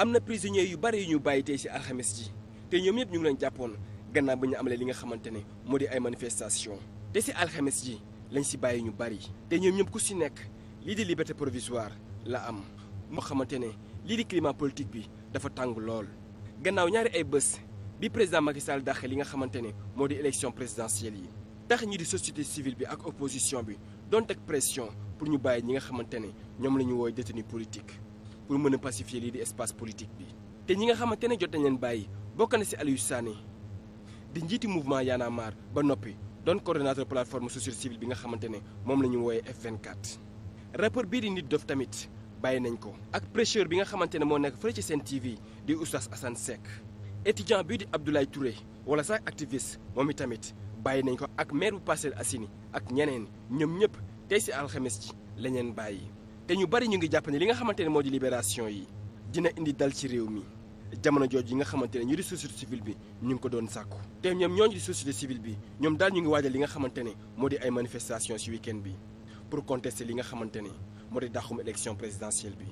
am na prisonniers yu bari yu ñu bàyyi tey ci alxames ji te ñoom ñëpp ñu ngi leen jàppoon gannaaw ba ñu amalee li nga xamante ne moo di ay manifestation te ci alxemes ji lañ ci bàyyi ñu bari te ñoom ñëpp ku ci nekk lii di liberté provisoire la am moo xamante ne lii di climat politique bi dafa tàng lool gannaaw ñaari ay bés bi président Macky Sall li nga xamante ne moo di élection présidentielle yi tax ñi di société civile bi ak opposition bi doon teg pour ñu bàyyi ñi nga xamante ne ñoom la ñu wooy détenu politique pour mën a pacifier lii di espace politique bi. te ñi nga xamante ne jot nañ leen bàyyi bokk na ci Aliou Sané di njiiti mouvement Y'en ba noppi doon coordonnateur plateforme société civile bi nga xamante ne moom la ñu wooyee F24. bii di nit dof tamit bàyyi nañ ko ak précheur bi nga xamante ne moo nekk fële ci seen TV di oustaz Assane Seck étudiant bii di Abdoulaye Touré wala sax activiste moom tamit bàyyi nañ ko ak maire bu Parcelles Assainies ak ñeneen ñoom ñëpp tey ci alxames ji lañ bàyyi. te ñu bari ñu ngi jàpp ne li nga xamante ne moo di libération yi dina indi dal ci réew mi jamono jooju yi nga xamante ne ñu di société civile bi ñu ngi ko doon sàkku te ñoom ñooñu di société civile bi ñoom daal ñu ngi waajal li nga xamante ne moo di ay manifestation ci week bi pour contester li nga xamante ne moo di dàqum élection présidentielle bi